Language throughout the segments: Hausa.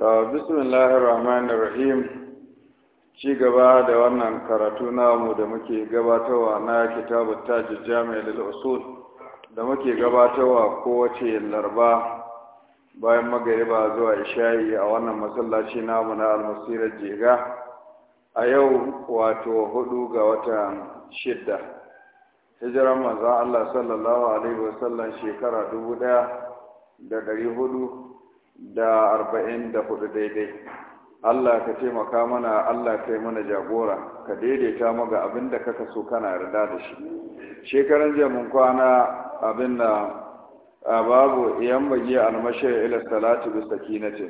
ta uh, bismillahir rahmanir rahim ci gaba da wannan karatu namu da muke gabatarwa na kitabu tajid jami'ar usul da muke gabatarwa kowace larba bayan magariba zuwa isha'i a wannan masallaci namu na almasirar jega a yau wato hudu ga watan shidda hijiran manzan allah sallallahu alaihi wasallam shekara dubu da hudu da arba'in da hudu daidai Allah ka taimaka mana Allah ka yi mana jagora ka daidaita maga abin da kaka so kana yarda da shi shekaran jamin kwana abin da babu yan bagi almashe ila salatu bi sakinati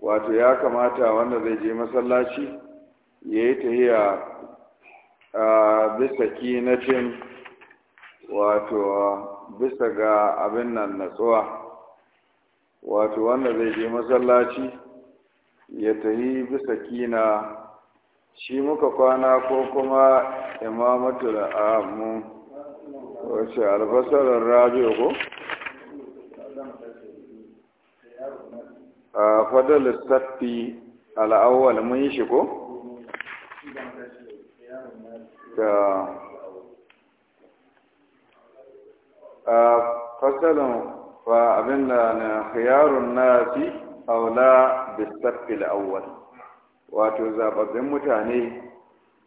wato ya kamata wanda zai je masallaci yayi tahiya bi sakinatin wato bisa ga abin nan natsuwa wato wanda zai je masallaci ya tahi bisa kina shi muka kwana ko kuma da amu wace alfasarar rabi'u ko a fadar lissafi al'awwal mun shi ko ta fasalin fa abin da na khiyarun nasi aula bisaffil awwal wato zababbin mutane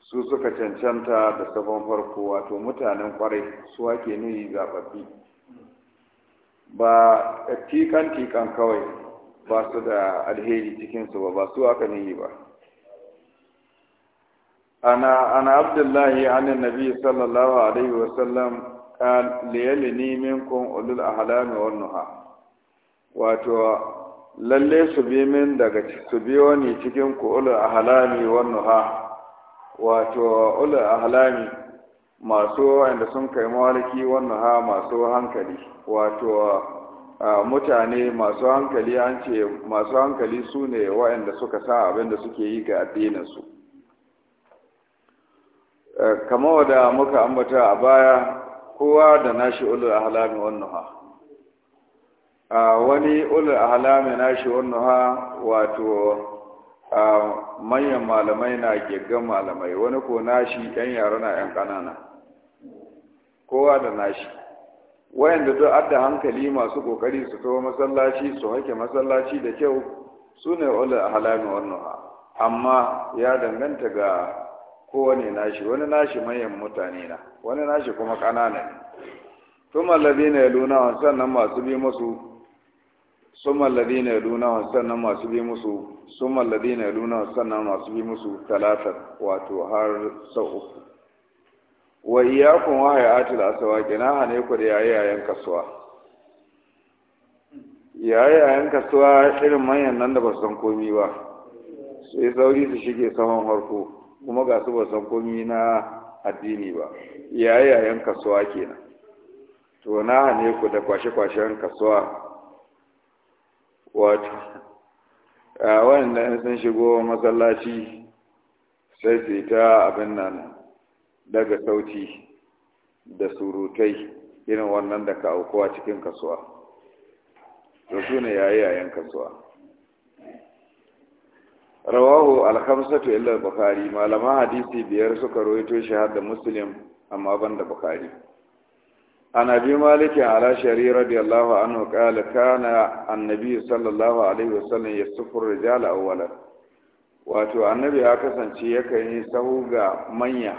su suka cancanta da sabon farko wato mutanen kwarai su ake nuni zababbi ba a tikan tikan kawai ba su da alheri cikinsu ba ba su aka nuni ba ana ana abdullahi anin nabi sallallahu alaihi wasallam liyalini minkum ulul ahlami wan nuha wato lalle su bi min daga su bi wani cikin ku ulul ahlami wan nuha wato ulul ahlami masu wanda sun kai mawaliki wannan ha masu hankali wato mutane masu hankali an ce masu hankali su ne waɗanda suka sa abin da suke yi ga addininsu kamar da muka ambata a baya kowa da nashi ulul ahlami wannuha a wani ulul ahlami nashi wannuha wato a manyan malamai na geggan malamai wani ko nashi yan yara na yan ƙanana, kowa da nashi wayanda duk adda hankali masu kokari su to masallaci su hake masallaci da kyau sune ne ulul ahlami wannuha nuha amma ya danganta ga kowane nashi wani nashi manyan mutane na wani nashi kuma ƙanana ne thumma alladhina yaluna sannan masu bi musu sun mallabi thumma alladhina yaluna sannan masu bi musu sun mallabi thumma alladhina yaluna sannan masu bi musu talatar wato har sau uku wa iyyakum wa hayatil aswaqi na hane ku da yayi yayan kasuwa yayi yayan kasuwa irin manyan nan da ba su san komi ba sai sauri su shige saman harko kuma ga su ba san komi na addini ba yayayen kasuwa kenan to na ne ku da kwashe-kwashen kasuwa wato a wanda sun shigo masallaci sai su abin nan daga sauti da surutai irin wannan da ka aukuwa cikin kasuwa to su ne yayayen kasuwa rawahu alhamsatu khamsatu illa al malaman hadisi biyar suka rawaito shi har da muslim amma ban da bukhari an abi malik ala shari radiyallahu anhu qala kana annabi sallallahu alaihi wasallam yasfur rijal awwala wato annabi ya kasance yakan yi sahu ga manya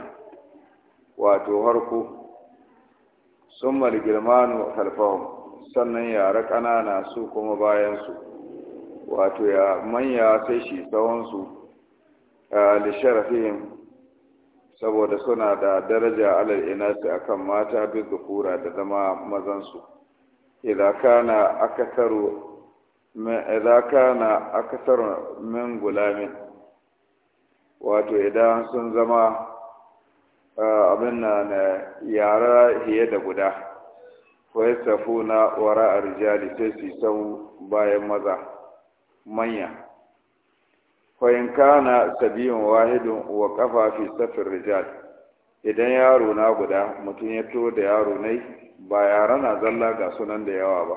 wato harko summa al khalfahum sannan yara ƙanana su kuma bayan su wato ya manya sai shi tsawonsu da lisharafin saboda suna da daraja alal inasi akan mata bi gafura da zama mazansu idza kana akasaru idza kana min gulamin wato idan sun zama abin na eh, yara fiye da guda fa na wara arjali sai su bayan maza manya fa'in kana sabiyin wahidin wa kafa fi safin rijal idan yaro na guda mutum ya to da yaro nai ba yara na zalla ga sunan da yawa ba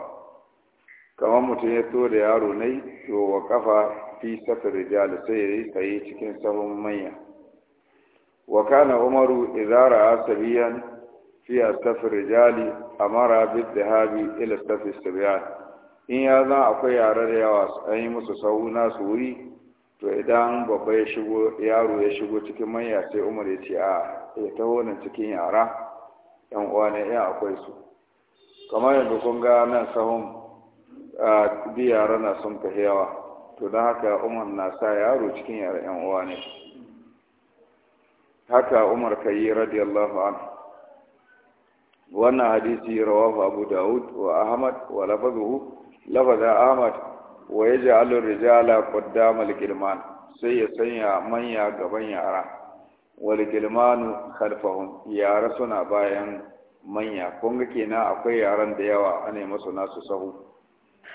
kamar mutum ya to da yaro nai to wa kafa fi safin rijal sai ya yi tsaye cikin sahun manya wa kana umaru idara sabiyan fi safin rijali amara bid dhahabi ila safin sabiyan in ya zan akwai yare da yawa an yi musu sahu nasu wuri to idan babba ya shigo yaro ya shigo cikin manya sai umar ya ce a ya taho nan cikin yara yan uwa ne ya akwai su kamar yanzu kun ga nan sahun bi yara na sun fi yawa to don haka umar na sa yaro cikin yara yan uwa ne haka umar ka yi radiyallahu an wannan hadisi rawahu abu daud wa ahmad wa lafazuhu lafaza ahmad wa ya ja'alu rijala qaddamal girman sai ya sanya manya gaban yara wal girmanu khalfahum yara suna bayan manya kun ga kenan akwai yaran da yawa ana masu nasu sahu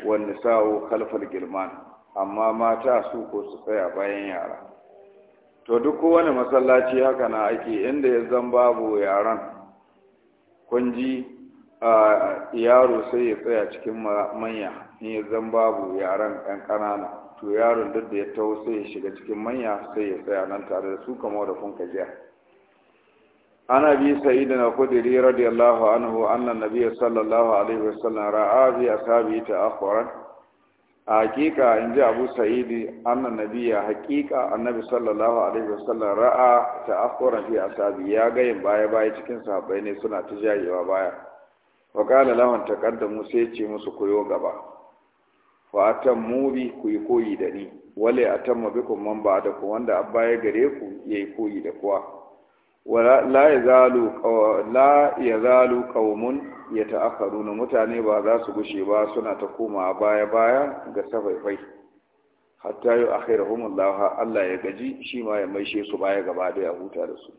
wan sao kalfar girman amma mata su ko su tsaya bayan yara to duk kowane masallaci haka na ake inda ya zan babu yaran kunji a yaro sai ya tsaya cikin manya in ya zan babu yaran ɗan ƙanana to yaron duk da ya taho sai ya shiga cikin manya sai ya tsaya nan tare da su kamar da kun kajiya ana bi sa'i da naƙudiri radiyallahu anhu annan nabi sallallahu alaihi wasallam ra'a bi ashabi ta akhwara a hakika in ji abu sa'idi annan nabi hakika annabi sallallahu alaihi wasallam ra'a ta akhwara bi ashabi ya ga yin baya baya cikin sahabbai ne suna ta jayewa baya wa lawan takarda mu sai ce musu koyo gaba fa atammu bi ku yi koyi da ni wale atamma bikum man ku wanda abba ya gare ku yayi koyi da kuwa? la ya zalu kawumun ya ta'akaru na mutane ba za su gushe ba suna ta koma baya-baya ga safaifai hatta yi akhirahumullah Allah ya gaji shi ma ya maishe su baya gaba da ya huta da su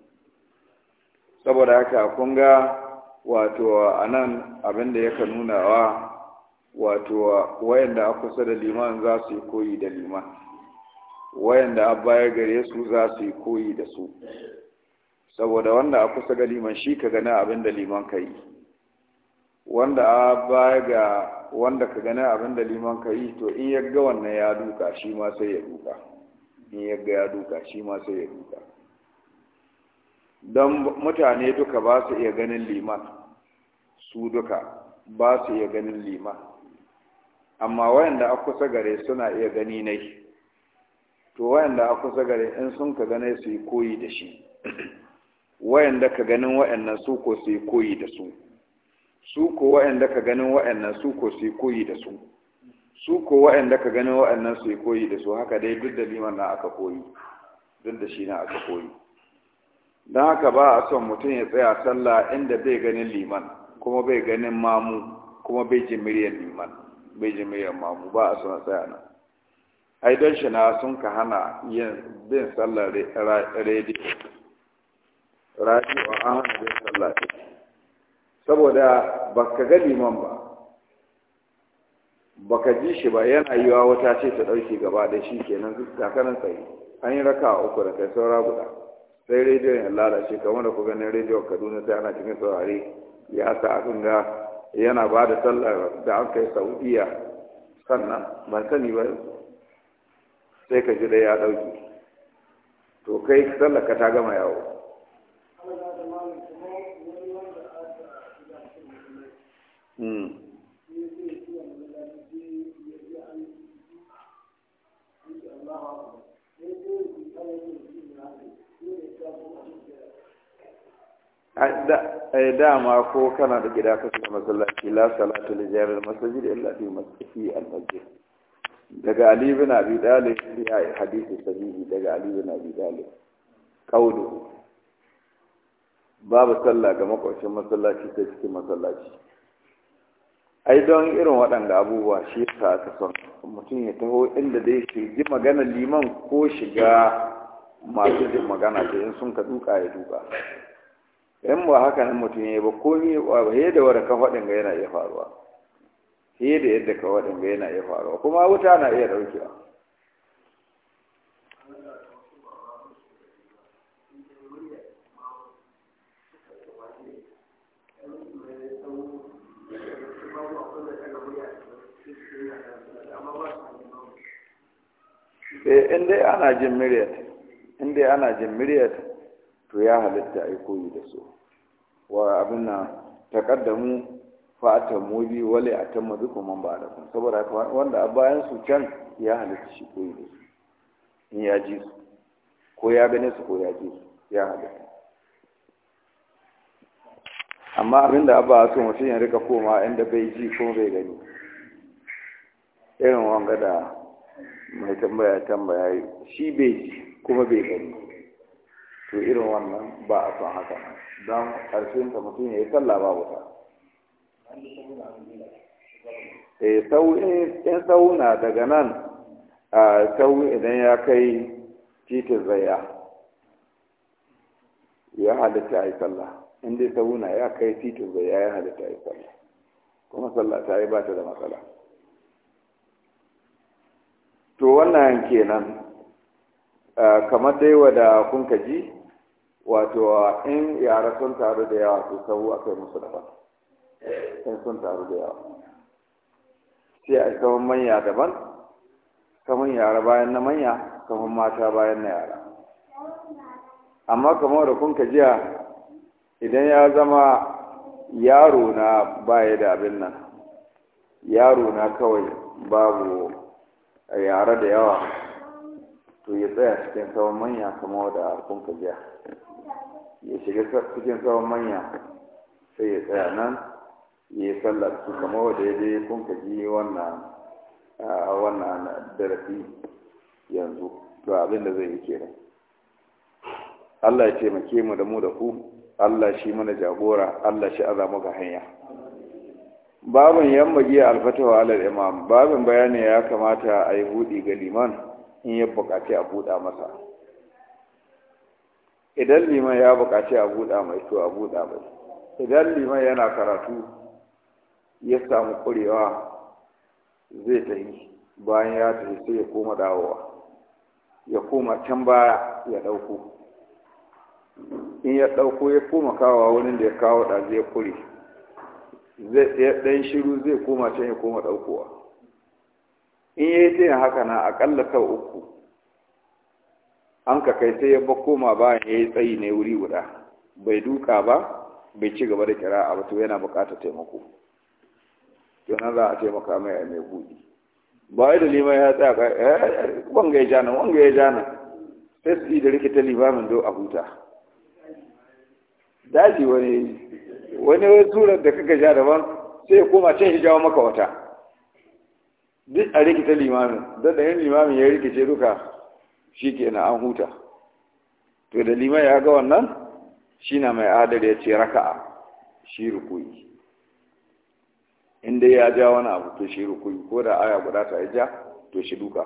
saboda haka kun ga wato a nan abin da yaka nunawa wato wayanda a kusa da liman za su yi koyi da liman wayanda a baya gare su za su yi koyi da su saboda wanda a kusa ga liman shi ka abin da liman ka yi wanda a baya ga wanda ka abin da liman ka yi to in ya ga wannan ya duka shi ma sai ya duka in yagga ya duka shi ma sai ya duka don mutane duka ba su iya ganin liman su duka ba su iya ganin liman amma wayanda a kusa gare suna iya gani ne to wayanda a kusa gare in sun ka gane su yi koyi da shi wayanda ka ganin wayannan su ko su yi koyi da su su ko wayanda ka ganin wayannan su ko su yi koyi da su su ko wayanda ka ganin wayannan su yi koyi da su haka dai duk da liman na aka koyi duk da shi na aka koyi don haka ba a son mutum ya tsaya sallah inda bai ganin liman kuma bai ganin mamu kuma bai ji miryan liman bai ji miryar mamu ba a son tsaya nan ai don shi na sun ka hana yin bin sallah rediyo rediyo an hana bin sallah sallar saboda baka ga liman ba ba ka ji shi ba yana wa wata ce ta ɗauki gaba da shi kenan kakanin tsaye an yi raka uku da kai saura guda sai rediyon ya lalace kamar da ku ganin rediyon kaduna sai ana cikin saurari. ya sa akan ga yana ba da sallar da an kai saudiya sannan ban sani ba sai ka ji da ya ɗauki to kai sallar ka ta gama yawo hmm. Eh, dama ko kana da gida ka shiga masallaci la salatu li jarir masjid illa fi masjidi al masjid daga ali bin abi dalib ya hadisi sahihi daga ali bin abi dalib qawlu babu sallah ga makwashin masallaci sai cikin masallaci ai don irin waɗanda abubuwa shi ta aka son mutum ya taho inda dai shi ji magana liman ko shiga masu jin magana da in sun ka duka ya duka in ba haka nan mutum ya ba komi ba he da wanda ka faɗin ga yana iya faruwa he da yadda ka faɗin ga yana iya faruwa kuma wuta na iya ɗaukewa eh, in dai ana jin miryar in dai ana jin miryar to ya halitta yi koyi da su wa abin na taƙaddamu fata mubi wale a tamma dukkan man ba da saboda wanda a bayan su can ya halitta shi koyi da su in ya ji su ko ya gane su ko ya ji su ya halitta amma abin da abba so mutum ya rika koma inda bai ji ko bai gani irin wanga da mai tambaya tambaya shi bai ji kuma bai gani to irin wannan ba a son haka don ƙarshen ta mutum ya yi sallah ba ta e in sauna daga nan a sau idan ya kai titin zaya ya halitta a yi sallah in sauna ya kai titin zaya ya halitta a yi sallah kuma sallah ta yi ba ta da matsala to wannan kenan kamar dai wada kun ka ji wato in yara sun taru da yawa su sahu kai musu daban in sun taru da yawa sai a kaman manya daban kaman yara bayan na manya kaman mata bayan na yara amma kamar da kun jiya idan ya zama yaro na baya da abin nan yaro na kawai babu yara da yawa to ya tsaya cikin tsawon manya kamar da kun jiya ya shiga cikin tsawon manya sai ya tsaya nan ya yi sallar su kamar wanda ya kun ka ji wannan wannan darasi yanzu to abin da zai yi nan. Allah ya taimake mu da mu da ku Allah shi mana jagora Allah shi azama ga hanya babin yammagi alfatawa alal imam babin bayani ya kamata a yi hudi ga liman in ya bukaci a buɗa masa idan liman ya buƙaci a buɗa mai to a buɗa mai idan liman yana karatu ya samu ƙurewa zai ta yi bayan ya tafi sai ya koma dawowa ya koma can baya ya ɗauko in ya ɗauko ya koma kawowa wurin da ya kawo ɗazu ya kure zai ɗan shiru zai koma can ya koma ɗaukowa in ya yi ta yin haka na aƙalla sau uku an ka kai sai ya ba koma bayan ya yi tsayi ne wuri guda bai duka ba bai ci gaba da kira'a ba to yana buƙatar taimako to nan za a taimaka mai a mai buɗi ba wai da liman ya tsaya ka eh, wanga ya ja nan wanga ya ja nan sai su da rikita limamin do a huta daji wani wani wani surar da kaka ja daban sai ya koma can shi jawo maka wata duk a rikita limamin don da yin limamin ya rikice duka shi kenan an huta to da liman ya ga wannan shi na mai adar ya ce raka'a shi rukuyi inda ya ja wani abu to shi rukuyi ko da aya guda ta ja to shi duka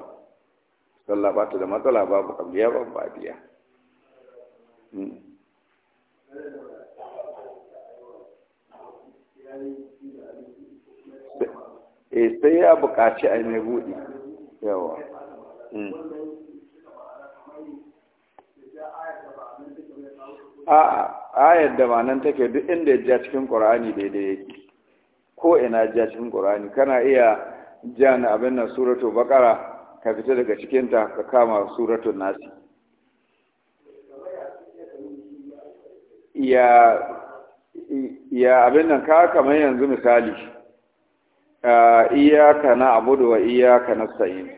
sallah ba ta da matsala babu kabliya ba badiya hmm. eh sai ya buƙaci a mai buɗi yawa hmm. a ayar da ba nan take duk inda ya ja cikin ƙur'ani daidai yake ko ina ja cikin ƙur'ani kana iya jan abin nan suratul baqara ka fita daga cikinta ka kama suratul nasi ya ya abin nan ka kamar yanzu misali iyaka na abudu wa iyaka nasta'in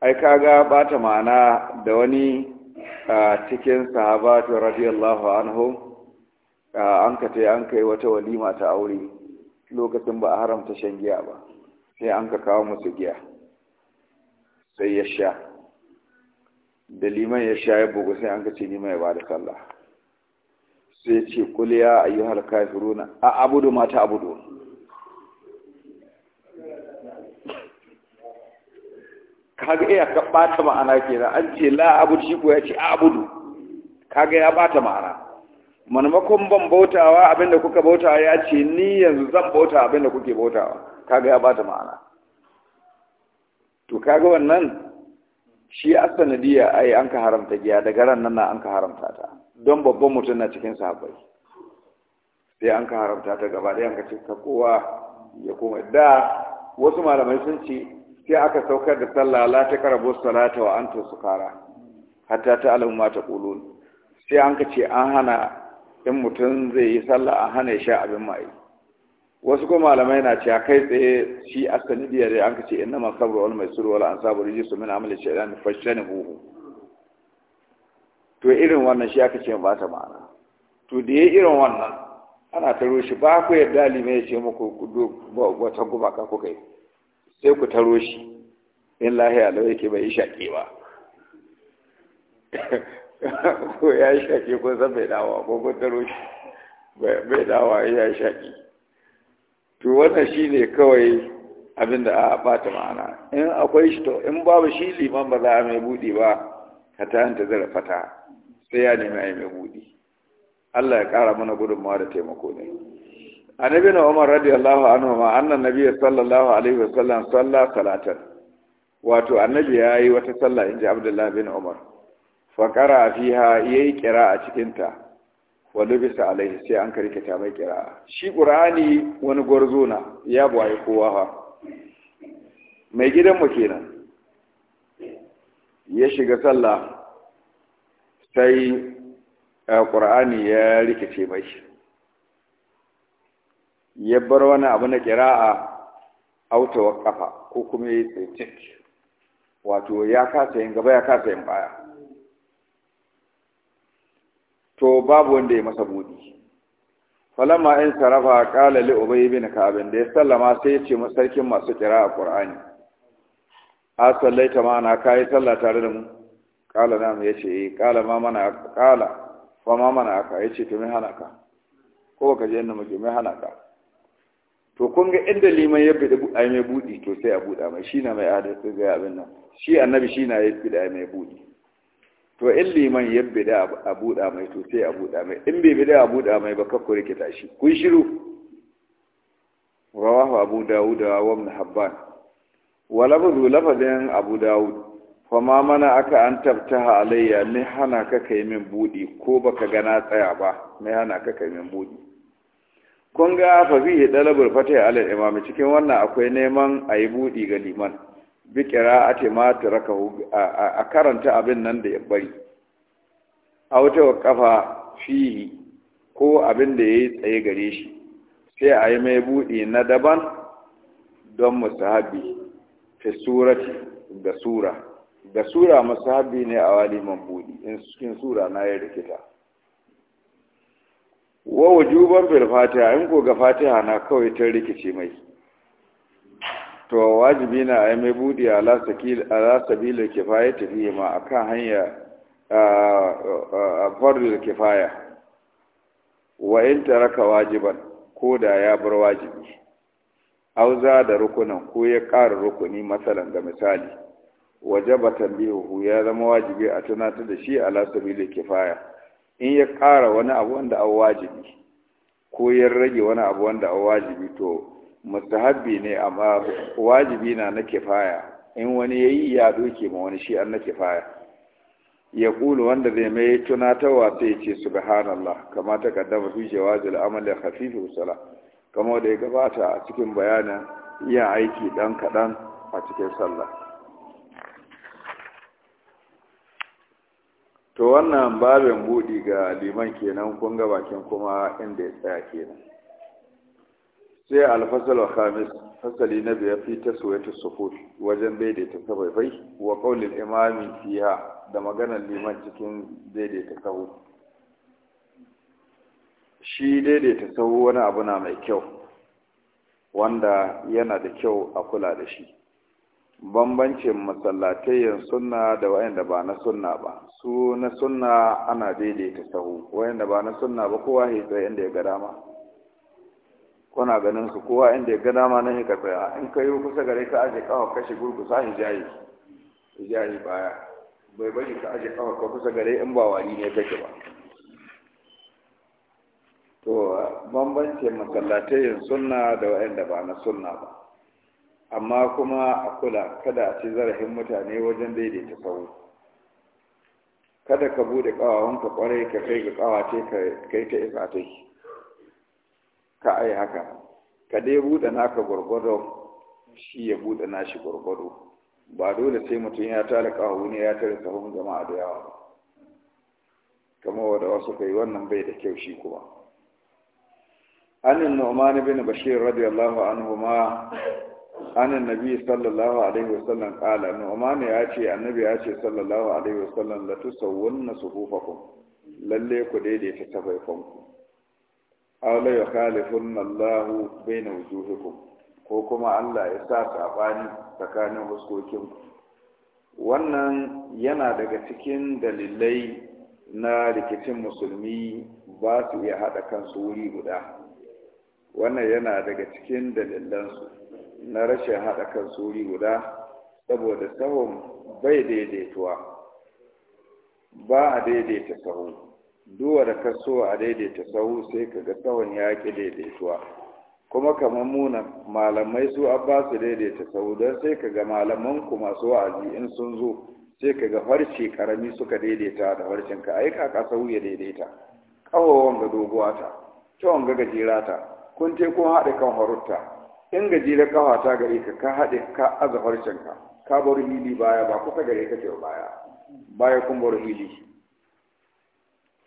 ai kaga bata ma'ana da wani cikin sahabatu radiyallahu anhu an ka ce an kai wata walima ta aure lokacin ba a haramta shan giya ba sai an ka kawo musu giya sai ya sha da liman ya sha ya bugu sai an ka ce liman ya ba da sallah sai ce kuliya ayyuhal kafiruna a abudu mata abudu kaga iya ka bata ma'ana kenan an ce la abudu shi ko ya ce abudu kaga ya bata ma'ana manamakon ban bautawa abinda kuka bautawa ya ce ni yanzu zan bauta abinda kuke bautawa kaga ya bata ma'ana to kaga wannan shi asanadiya ai an ka haramta giya daga ran nan an ka haramta ta don babban mutum na cikin sahabbai sai an ka haramta ta gaba da yanka kowa ya koma da wasu malamai sun ce sai aka saukar da sallah la ta karabo salata wa antum sukara hatta ta ma ta qulun sai an ka ce an hana in mutum zai yi sallah an hana ya sha abin mai wasu ko malamai na cewa kai tsaye shi biya dai an ka ce inna ma sabru wal maisur wal ansabu rijisu min amali shaytan buhu. to irin wannan shi aka ce ba ta ma'ana to da yayi irin wannan ana taro shi ba ku yadda limai ya ce muku wata ka ku kai. sai ku taro shi in lahiya da yake bai yi shaƙe ba ko ya yi shaƙe ko san bai dawa ko kun taro shi bai dawa ya yi shaƙe to wannan shi ne kawai abin da a ɓata ma'ana in akwai shi to in babu shi liman ba za a mai buɗi ba ka ta yanta zara fata sai ya nemi a yi mai buɗi Allah ya ƙara mana gudunmawa da taimako ne. annabi na umar radiyallahu anhu ma annan nabi sallallahu alaihi wasallam salla salatan wato annabi yayi wata salla inji abdullahi bin umar fa qara fiha yayi kira cikin ta wa lubisa alaihi sai an karkata mai kira. shi ƙur'ani wani gwarzo na ya buwaye kowa fa mai gidan mu kenan ya shiga sallah sai ƙur'ani eh, ya rikice mai ya bar wani abu na ƙira'a auta wa ƙafa ko kuma ya yi tsaye wato ya kasa yin gaba ya kasa yin baya to babu wanda ya masa budi Falama in sarrafa ƙalali li ubay ibn ka'ab da ya sallama sai ya ce masarkin masu a qur'ani a sallaita ma na yi sallah tare da mu qala na mu yace yi eh, qala ma mana qala fa ma mana ka. yace to me hana ka ko ka je inda muke me hana ka to kun ga inda liman ya bida ai mai budi to sai a buda mai shi na mai adalci ga abin nan shi annabi shi na ya bida ai mai budi to in liman ya bida a buda mai to sai a buda mai in bai bida a buda mai ba kakko rike tashi kun shiru rawahu abu dawud wa ibn habban wa lafzu lafazin abu dawud fama mana aka an tabtaha alayya ni hana ka kai min budi ko baka gana tsaya ba mai hana ka kai min budi kun ga fa fihi dalabul fatih ala imam cikin wannan akwai neman a yi budi ga liman bi qira'ati ma tarakahu a karanta abin nan da ya bari a wata kafa fihi ko abin da yayi tsaye gare shi sai a yi mai budi na daban don musahabi fi surati da sura Da sura musahabi ne a wali man buɗi. in cikin sura na ya rikita wa wujuban bil fatiha in ko ga fatiha na kawai ta rikice mai to wajibi na ai mai budi ala sakil ala sabila kifaya tafi ma akan hanya a fardul kifaya wa in taraka wajiban ko da ya bar wajibi auza da rukunan ko ya ƙara rukuni matsalan da misali wajaba tambihu ya zama wajibi a tunatar da shi ala sabila kifaya in ya ƙara wani abu wanda a wajibi ko ya rage wani abu wanda a wajibi to mustahabbi ne amma wajibi na na kifaya in wani ya yi ya doke ma wani shi an na kifaya ya kulu wanda zai mai tunatarwa sai ce subhanallah kama ta kaddama fi jawazil amalin khafifu sala kama da ya gabata a cikin bayanin yin aiki dan kaɗan a cikin sallah to wannan babin buɗi ga liman kenan kun ga bakin kuma inda ya tsaya kenan sai alfasal khamis fasali na biyar fi taswiyatu sufuf wajen daidaita sabai wa qaulil imami fiha da maganar liman cikin daidaita sahu shi daidaita sahu wani abu na mai kyau wanda yana da kyau a kula da shi bambancin masallatai sunna da wayanda ba na sunna ba su na sunna ana daidaita sahu wayanda ba na sunna ba kowa ya tsaye inda ya ga dama kuna ganin su kowa inda ya ga dama na hika tsaya in ka yi kusa gare ka aje kawo kashi gurgusa hijayi hijayi baya bai bari ka aje kawo ka kusa gare in ba wari ne kake ba to bambancin masallatai sunna da wayanda ba na sunna ba amma kuma a kula kada a ci zarafin mutane wajen daidaita sahu kada ka bude kawawanka kwarai ka kai ga kawace ka kai ta isa ta yi ka ai haka ka dai bude naka gwargwado shi ya bude nashi gwargwado ba dole sai mutum ya tara kawawu ne ya tara sahun jama'a da yawa ba kamar wanda wasu kai wannan bai da kyau shi kuma an nu'man bin bashir radiyallahu anhu ma anan nabi sallallahu alaihi wasallam kala nu'man ya ce annabi ya ce sallallahu alaihi wasallam la tusawwanna suhufakum lalle ku daidaita safaifanku aw la yukhalifunna Allahu baina wujuhikum ko kuma Allah ya sa sabani tsakanin huskokinku wannan yana daga cikin dalilai na rikicin musulmi ba su iya haɗa kansu wuri guda wannan yana daga cikin dalilansu na rashin haɗa kan suri guda saboda sahun bai daidaituwa ba a daidaita sahu duwa da kaso a daidaita sahu sai ka ga sahun ya ƙi daidaituwa kuma kamar muna malamai su abba daidaita sahu don sai ka ga malaman ku masu wa'azi in sun zo sai ka ga harshe karami suka daidaita da harshen ka ai kaka sahu ya daidaita Kawo wanga doguwa ta kyawun ga gajera ta kun te kun haɗa kan harutta in gajere kafa ta gare ka ka haɗe ka aza harshenka ka bar hili baya ba kusa gare ka ce baya baya kun bar hili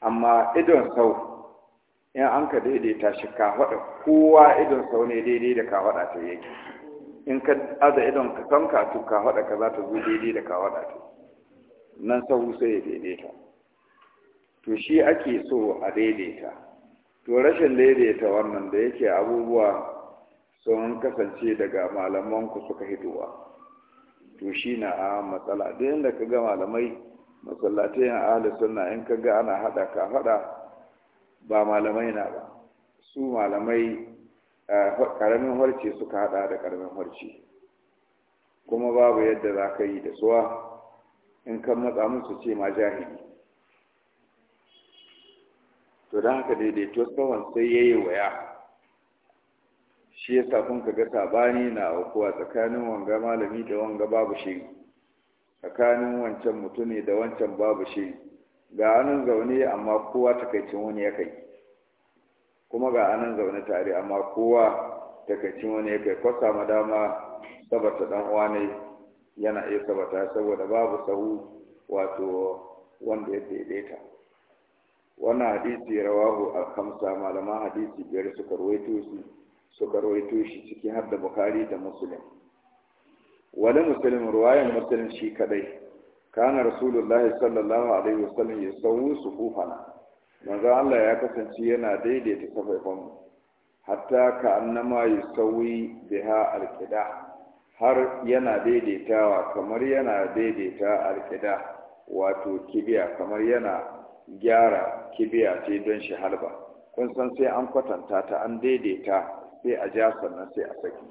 amma idon sau in an ka daidaita shi ka faɗa kowa idon sau ne daidai da ka waɗa ta yake in ka aza idon ka san ka tu ka faɗa ka za ta zo daidai da ka waɗa ta nan sau sai ya daidaita to shi ake so a daidaita to rashin daidaita wannan da yake abubuwa sun kasance daga malamanku suka hitowa to shi na a matsala da yadda ka ga malamai masallatai na ahalin sunna in ka ga ana hada ka hada ba malamai na ba su malamai karamin harce suka hada da karamin harce kuma babu yadda za ka yi da suwa in kan matsa musu ce ma jahili to da haka daidaito tsawon sai ya yi waya shi yasa kun ka ga sabani na aukuwa tsakanin wanga malami da wanga babu shi, tsakanin wancan mutumi da wancan babu shi, ga anan zaune amma kowa takaicin wani ya kai kuma ga anan zaune tare amma kowa takaicin wani ya kai kwasa madama sabata dan uwa ne yana iya sabata saboda babu sahu wato wanda ya daidaita wannan hadisi rawahu al-khamsa malaman hadisi biyar suka ruwaito shi suka rawaito shi ciki har da bukhari da muslim wani muslim ruwayan muslim shi kadai kana rasulullahi sallallahu alaihi wasallam ya sauwu sufufana manzo Allah ya kasance yana daidaita safaifanmu hatta ka annama ya yusawi biha alqida har yana daidaitawa kamar yana daidaita alqida wato kibiya kamar yana gyara kibiya ce don shi halba kun san sai an kwatanta ta an daidaita sai a ja sannan sai a saki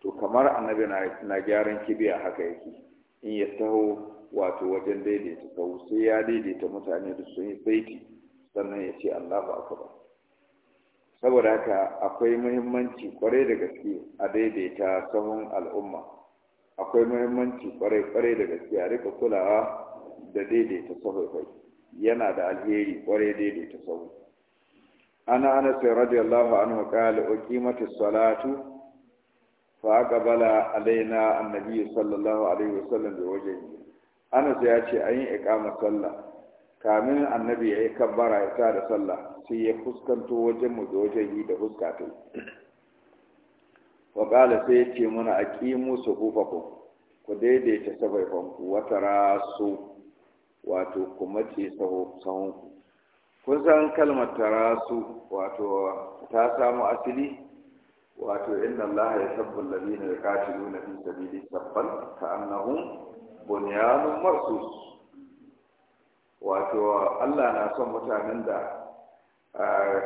to kamar annabi na na gyaran kibiya haka yake in ya taho wato wajen daidaita kawo sai ya daidaita mutane da sun yi saiti sannan ya ce allahu akbar saboda haka akwai muhimmanci kwarai da gaske a daidaita sahun al'umma akwai muhimmanci kwarai kwarai da gaske a rika kulawa da daidaita sahun yana da alheri kwarai daidaita sahun ana anas radiyallahu anhu qala uqimatis salatu fa aqbala alaina annabi sallallahu alaihi wasallam bi wajhihi anas ya ce an yi iqama sallah kamin annabi ya yi kabbara ya tada sallah sai ya fuskanto wajen mu da wajen yi da fuska ta sai ya ce mana aqimu sufufakum ku daidaita sabaifanku wata rasu wato kuma ce sahonku kun san kalmar tarasu wato ta samu asili wato inna allaha yuhibbu alladhina yuqatiluna fi sabili saffan ka'annahum bunyanun marsus wato Allah na son mutanen da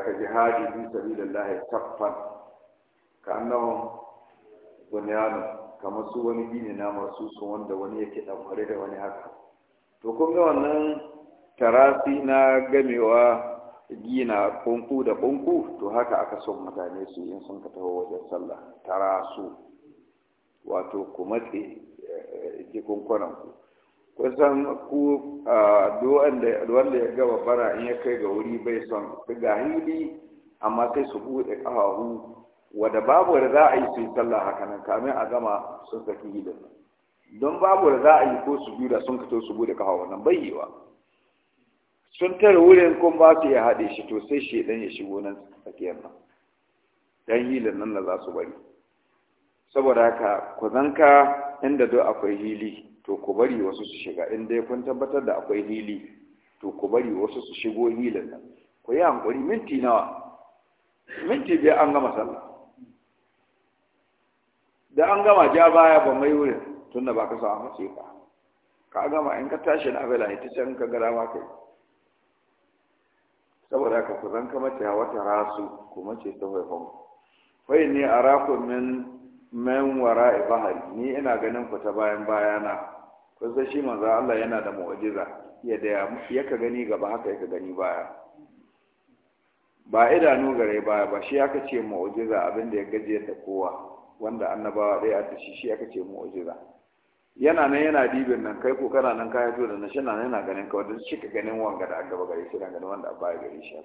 ka jihadi fi sabilillahi ka ka'annahum bunyanun kamar su wani gini na marsus wanda wani yake dan da wani haka to kun ga wannan tarasi na gamewa gina kunku da kunku to haka aka son mutane su in sun ka taho wajen sallah tarasu wato ku matse eh, jikunkunan ku kusan ku wanda ya gaba bara in ya kai ga wuri bai son ga hili amma sai su buɗe ƙafafu wadda babu da za a yi su yi sallah haka nan kamin a gama sun saki gidan. don babu da za a yi ko su biyu da sun kato su buɗe ƙafafu nan bai sun tare wurin kun ba su ya haɗe shi to sai shi ɗan ya shigo nan tsakiyar nan don hilin nan da za su bari saboda haka ku zanka inda duk akwai hili to ku bari wasu su shiga in dai kun tabbatar da akwai hili to ku bari wasu su shigo hilin nan ku yi hankuri minti nawa minti biyar an gama sallah da an gama ja baya ba mai wurin tunda ba ka samu sai ka ka gama in ka tashi na abela ta can ka gara ma kai saboda haka ku zan kama ta wata rasu kuma ce ta haifan fai ne a rakun min men wara ibahari ni ina ganin ku ta bayan bayana kusa shi manzo Allah yana da mu'jiza yadda ka gani gaba haka yaka gani baya ba idanu gare baya ba shi aka ce mu'jiza abinda ya gaje ta kowa wanda annabawa ɗaya a shi shi aka ce mu'jiza yana nan yana dibin nan kai ko kana nan kaya to da nan shi nan yana ganin ka wanda shi ganin wanga da gaba gare shi ganin wanda ba ya gari shi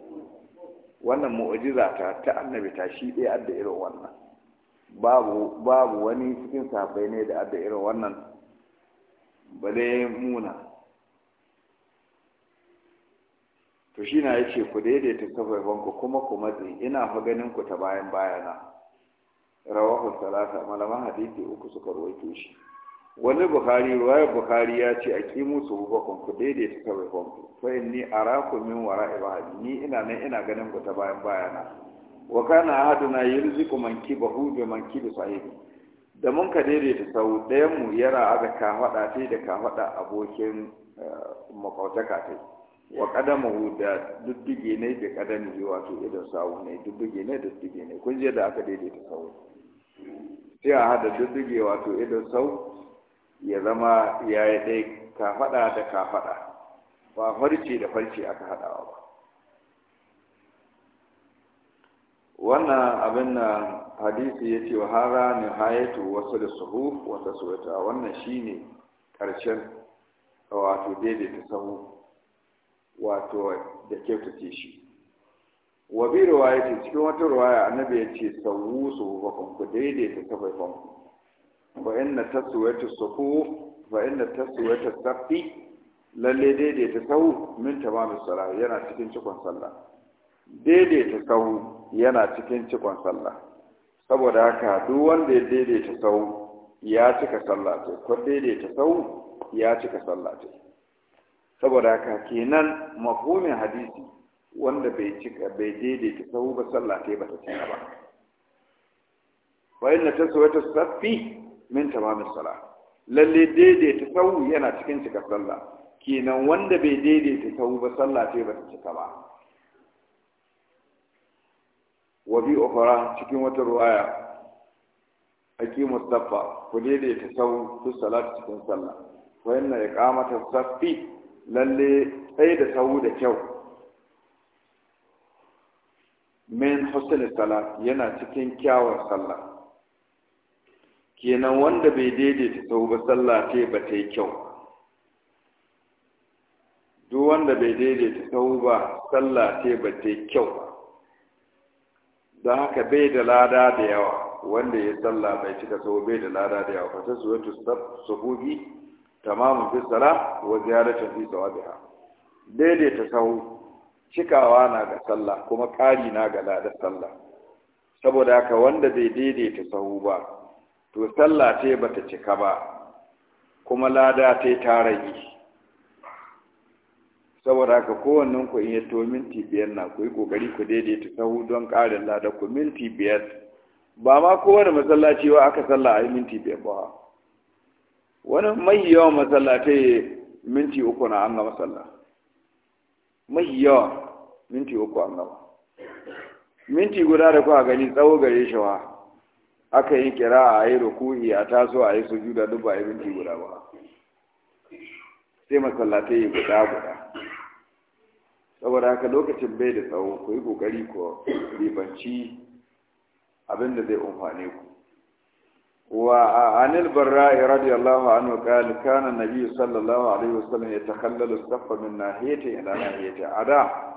wannan mu'jiza ta ta annabi ta shi dai adda irin wannan babu babu wani cikin safai ne da adda irin wannan bale muna to shi na yace ku daidaita ku kuma ku matsi ina fa ganin ku ta bayan bayana rawahu salasa malaman hadisi uku suka ruwaito shi wani buhari ruwayar buhari ya ce a ki musu bakon ku daidaita ta bakon ku fa inni araku min wara ibadi ni ina nan ina ganin ku ta bayan bayana wa kana ahaduna yulziku man kibahu bi man kibi sahibi da mun ka daidaita sau ɗayan mu yara aga ka faɗa te da ka faɗa abokin eh, makautaka te. wa qadamahu da duddige ne da yi wato idan sawu ne duddige ne da duddige ne kun je da aka daidaita sau sai a hada duddige wato idan sau ya zama ya yi ɗai kafaɗa da kafaɗa ba farce da farce aka haɗawa ba wannan abin na hadisi ya ce wa hara ne hayatu wasu da suhu wata suwata wannan shi ne ƙarshen wato daidaita sahu wato da kyautace shi wa ruwaya ce cikin wata ruwaya annabi ya ce sawu su bakon ku daidaita safaifanku wa inna taswiyatu sufu wa inna taswiyatu safi lalle daidaita sahu min tamamis salah yana cikin cikon sallah daidaita sahu yana cikin cikon sallah saboda haka duk wanda ya daidaita sahu ya cika sallah ce ko daidaita sahu ya cika sallah ce saboda haka kenan mafhumin hadisi wanda bai cika bai daidaita sahu ba sallah ta ba ta cika ba wa inna taswiyatu safi min tamamin sala lalle daidaita sahu yana cikin cika sallah kenan wanda bai daidaita sahu ba sallah ce ba ta cika ba wa bi ukhra cikin wata ruwaya aqimu safa ku daidaita sahu su salat cikin sallah wa inna iqamata safi lalle tsaye da sahu da kyau min husnul sala yana cikin kyawar sallah kenan wanda bai daidaita sau ba sallah ta ba ta yi kyau duk wanda bai daidaita sau ba sallah ta ba ta yi kyau don haka bai da lada da yawa wanda ya sallah bai cika sau bai da lada da yawa fata su wata sahubi tamamun fi sala wa ziyaratun fi biya daidaita sau cikawa na ga sallah kuma ƙari na ga ladar sallah saboda haka wanda bai daidaita sahu ba to sallah ce ba ta cika ba kuma lada ta ta rage saboda ka kowannen ku in ya to minti biyar na ku yi kokari ku daidaita sahu don ƙarin lada ku minti biyar ba ma kowane masallaci wa aka sallah a minti biyar ba wani mai yawan masallatai minti uku na an gama sallah mai yawa minti uku an gama minti guda da kuwa gani tsawo gare shi wa aka yi kira a yi ruku'i a taso a yi sujuda duk ba a yi minti guda ba sai masallatai yi guda guda saboda haka lokacin bai da tsawo ku yi kokari ko ribanci abin da zai umfane ku wa البراء رضي الله عنه قال كان النبي صلى الله عليه وسلم na الصف من ناحيته الى a da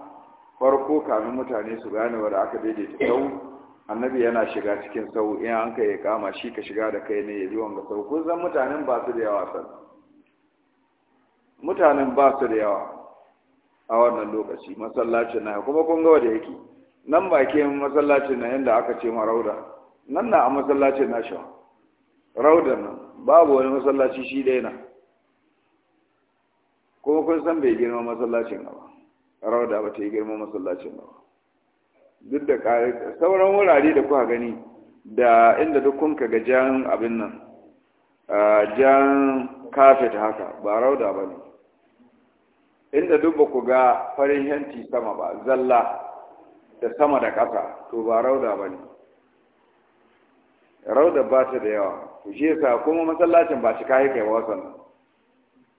farko kamin mutane su gane wa da aka daidaita sau annabi yana shiga cikin sau in an kai kama shi ka shiga da kai ne ya ji wanga sau kun san mutanen ba su da yawa san mutanen ba su da yawa a wannan lokaci masallacin na kuma kun ga wanda yake nan ke masallacin na inda aka ce ma rauda nan na a masallacin na shawa raudan nan babu wani masallaci shi dai na kuma kun san bai girma masallacin ba rauda ba ta yi girma masallacin ba duk da sauran wurare da kuka gani da inda duk kun ga jan abin nan jan kafet haka ba rauda ba ne inda duk ba ku ga farin yanci sama ba zalla da sama da ƙasa to ba rauda ba ne rauda ba ta da yawa ku shi yasa kuma masallacin ba shi kayi kai wasan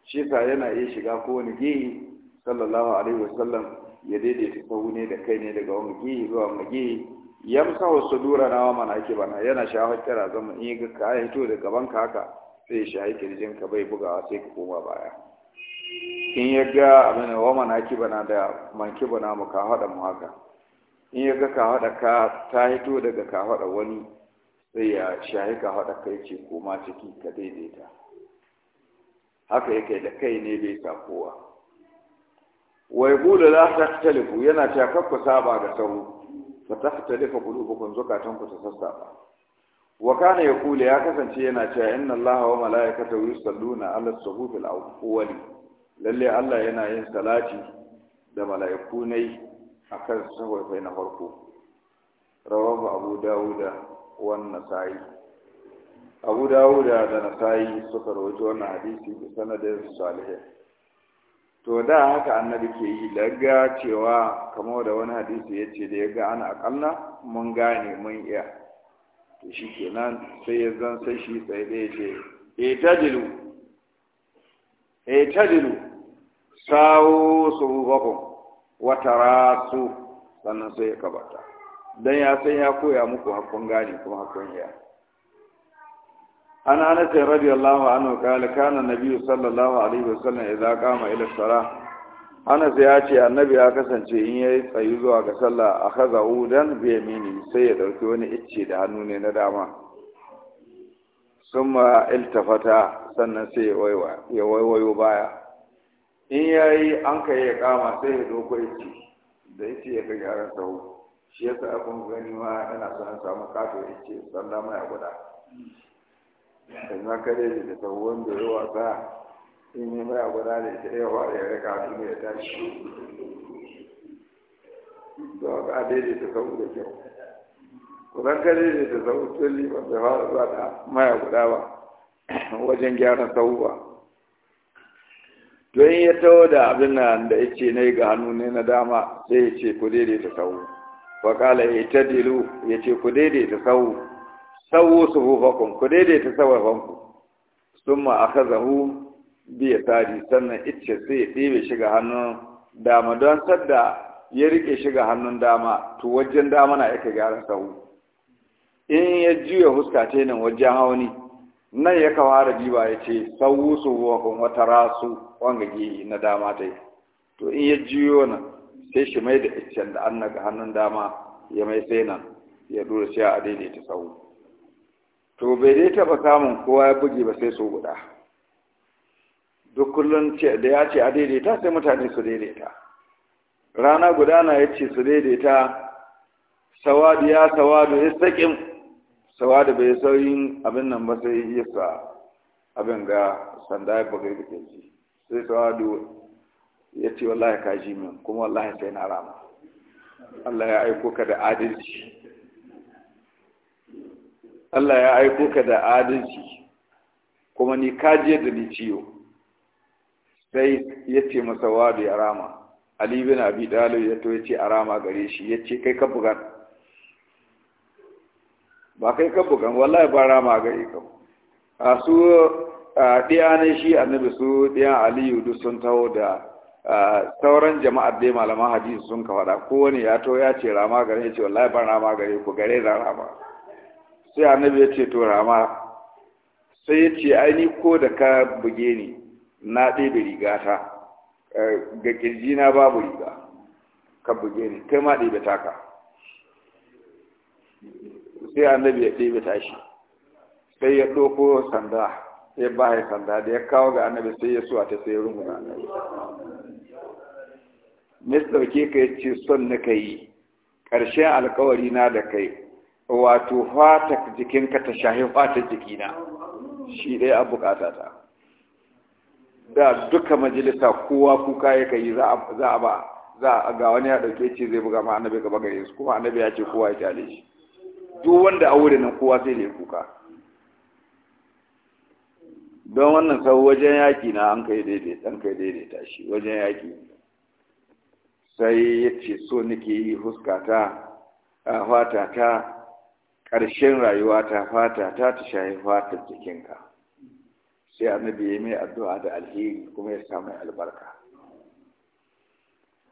shi yasa yana iya shiga kowane gehe sallallahu alaihi wasallam ya daidaita sahu ne da kai ne daga wani gihi zuwa wani gihi yamsa wasu sudura na wa mana ake bana yana shahar kira zama in ga ka hito da gaban ka haka sai shahi kirjin ka bai bugawa sai ka koma baya in ya ga abin wa mana ake bana da manki bana mu ka haɗa mu haka in ya ga ka haɗa ka ta hito daga ka haɗa wani sai ya shahi ka haɗa kai ce koma ciki ka daidaita haka yake da kai ne bai sa kowa wai yaqulu la talifu yana ta saba da sauro fa tahtalifa qulubukum zukatan ku ta sassaba wa kana yaqulu ya kasance yana cewa inna allaha wa malaikatahu yusalluna ala as-suhufil awwali lalle Allah yana yin salati da mala'iku ne akan sahufai na farko rawahu abu dawuda Wannan nasai abu dawuda da nasai suka rawaito wannan hadisi da sanadin salihin to da haka annabi ke yi daga cewa kamar da wani hadisi ya ce da ya ga ana akalla mun gane mun iya to shi kenan sai ya zan sai shi sai da ya ce etadilu etadilu sawo su sububakun wata rasu sannan sai ya kabata don ya san ya koya muku hakkun gane kuma hakkun iya an anas radiyallahu anhu qala kana nabiyyu sallallahu alaihi wasallam idza qama ila salah anas ya ce annabi ya kasance in yayi tsayi zuwa ga sallah akhadha udan bi yamini sai ya dauki wani icce da hannu ne na dama summa iltafata sannan sai ya waiwayo baya in yayi an kai ya kama sai ya dauko icce da icce ya kai yaran sahu shi yasa abun gani ma yana son samu kato icce sannan ya guda da za ka da sau wanda ya wasa in yi mai abu da ta yi wa ya raka su ne ya tashi da waka daidai ta sau da kyau kusan ka daidai ta sau tun ba da fara zuwa ta mai guda ba wajen gyara sau ba to in ya tawo da abin nan da ya ce na yi ga hannu ne na dama sai ya ce ku daidai ta sau fakala ya ta dilu ya ce ku daidai ta sau sawu suhufakum ku daidaita Sun ma aka zahu biya tari sannan icce sai ya ɗebe shi ga hannun dama don sadda ya riƙe shiga hannun dama to wajen dama na yake gyara sau. in ya juya huska ta nan wajen hauni nan ya kawo hara jiba ya ce sawu kun wata rasu wanga gini na dama ta to in ya juyo nan sai shi mai da iccen da an hannun dama ya mai sai nan ya dura sai a daidaita to bai dai taɓa samun kowa ya buge ba sai su guda duk kullum da ya ce a daidaita sai mutane su daidaita rana guda na ya ce su daidaita sawadu ya sawadu ya saƙin sawadu bai sauyin abin nan ba sai ya sa abin ga sanda ya buga da kirji sai sawadu ya ce wallahi ka ji min kuma wallahi sai na rama Allah ya aiko ka da adalci Allah ya aiko ka da adalci kuma ni je da ni ciwo sai ya ce masa wadu ya rama Ali bin Abi Dalib ya to ya ce arama gare shi ya ce kai ka buga ba kai ka buga wallahi ba rama gare ka a su ɗiya ne shi annabi su ɗiya Aliyu duk sun taho da sauran jama'ar dai malaman hadisi sun ka faɗa kowane ya to ya ce rama gare ya ce wallahi ban rama gare ku gare da rama sai annabi ya ce to rama sai ya ce ai ni ko da ka buge ni na ɗebe rigata eh, ga ƙirji na babu riga ka buge ni kai ma ɗebe taka sai annabi ya ɗebe tashi sai ya ɗauko sanda ya ba ya sanda da ya kawo ga annabi sai ya suwa ta sai ya rungu annabi Mista ke ka ya ce son na ka yi ƙarshen alkawari na da kai wato fatar jikinka ta shahi fatar jikina shi ɗaya a bukata ta da duka majalisa kowa kuka ya kai za a ba za a ga wani ya ɗauke ce zai buga ma annabi gaba gare su kuma annabi ya ce kowa ya tale shi duk wanda a wurin nan kowa sai ne kuka don wannan sau wajen yaƙi na an kai daidaita an kai ta shi wajen yaƙi sai ya ce so nake yi huskata a fata ta ƙarshen rayuwa ta fata ta ta shayi fatar jikinka sai annabi ya mai addu'a da alheri kuma ya samu albarka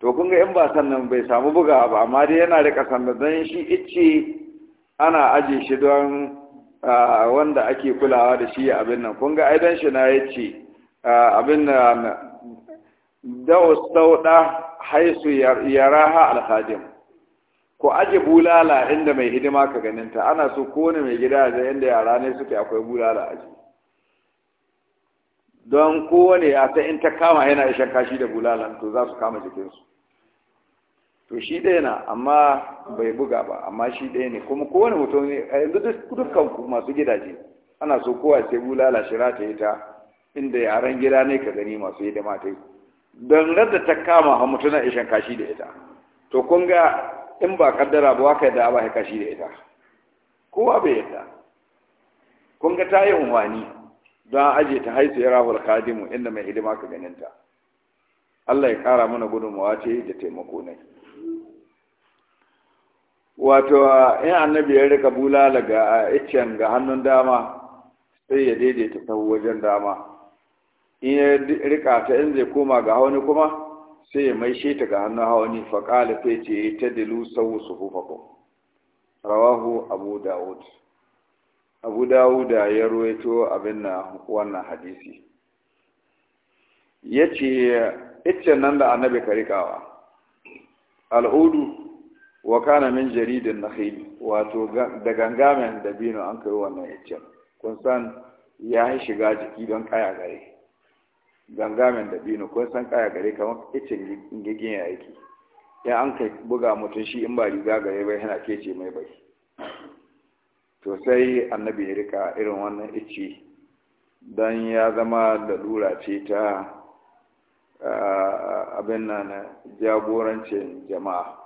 to kun ga in ba sannan bai samu bugawa ba amma dai yana rika sannan don shi icce ana aje shi don wanda ake kulawa da shi abin nan kun ga aidan shi na ya ce abin da wasu sauɗa haisu ha alhadim ko aje bulala inda mai hidima ka ganinta ana so kowane mai gida da inda yara ne suke akwai bulala aji don kowane ya ta in ta kama yana ishan kashi da bulalan to za su kama jikinsu to shi ɗaya na amma bai buga ba amma shi ɗaya ne kuma kowane mutum ne a yanzu dukkan masu gidaje ana so kowa sai bulala shira ta yi ta inda yaran gida ne ka gani masu hidima ta yi don radda ta kama ha mutum na ishan kashi da ita to kun ga in ba kaddara ba waka yadda ba ya kashi da ita kowa bai yadda kun ga ta yi unwani don aje ta haisu ya rahul kadimu inda mai hidima ka ganinta Allah ya kara mana gudunmawa ce da taimako ne wato in annabi ya rika bulala ga iccen ga hannun dama sai ya daidaita ta wajen dama in ya rika ta in zai koma ga hauni kuma sai mai maishe ta ga hannun ne faƙala sai ce ta dilu sau su hufafon rawahu abu dawud abu dawud ya ruwaito abin na wannan hadisi ya ce nan da annabi ka riƙawa al'udu wa kana min jaridin nakhil wato da gangamen dabino an kai wannan iccen kun san ya shiga jiki don kaya gare gangamen da bino kun san kaya gare kamar icin gigin ya yake ya an kai buga mutum shi in ba riga gare bai yana kece mai bai to sai annabi ya rika irin wannan ice don ya zama da lura ce ta ah, abin nan jagorancin jama'a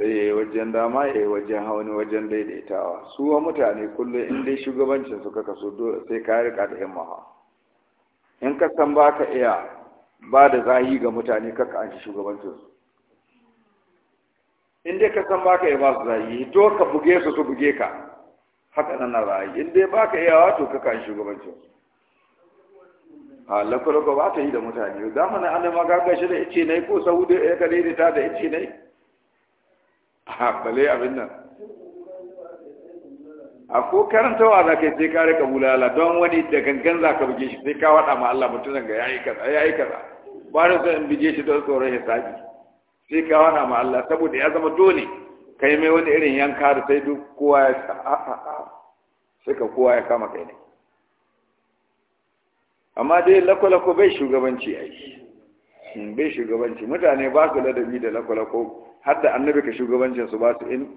sai ya yi wajen dama ya yi wajen hauni wajen daidaitawa su wa mutane kullum in dai shugabancin su kaka so dole sai ka rika da maha in ka san ba ka iya ba da zahi ga mutane kaka an shugabancin su in dai ka san ba ka iya ba su zahi to ka buge su su buge ka haka nan na zahi in dai ba ka iya to kaka an shugabancin su a lakwalakwa ba ta yi da mutane zamanin an magagashi gaga da ice yi ko sahu da ya ka daidaita da ice yi a bale abin nan a ko karantawa za ka yi sai kare ka bulala don wani da gangan za ka buge shi sai ka waɗa ma Allah mutumin ga yi kaza yi kaza ba da sai in buge shi don tsoron hisabi sai ka waɗa ma Allah saboda ya zama dole yi mai wani irin yanka da sai duk kowa ya sa a a a sai ka kowa ya kama kai ne amma dai lakwalako bai shugabanci yi hmm, bai shugabanci mutane ba su ladabi da lakwalako hadda annabi ka shugabancin su ba su in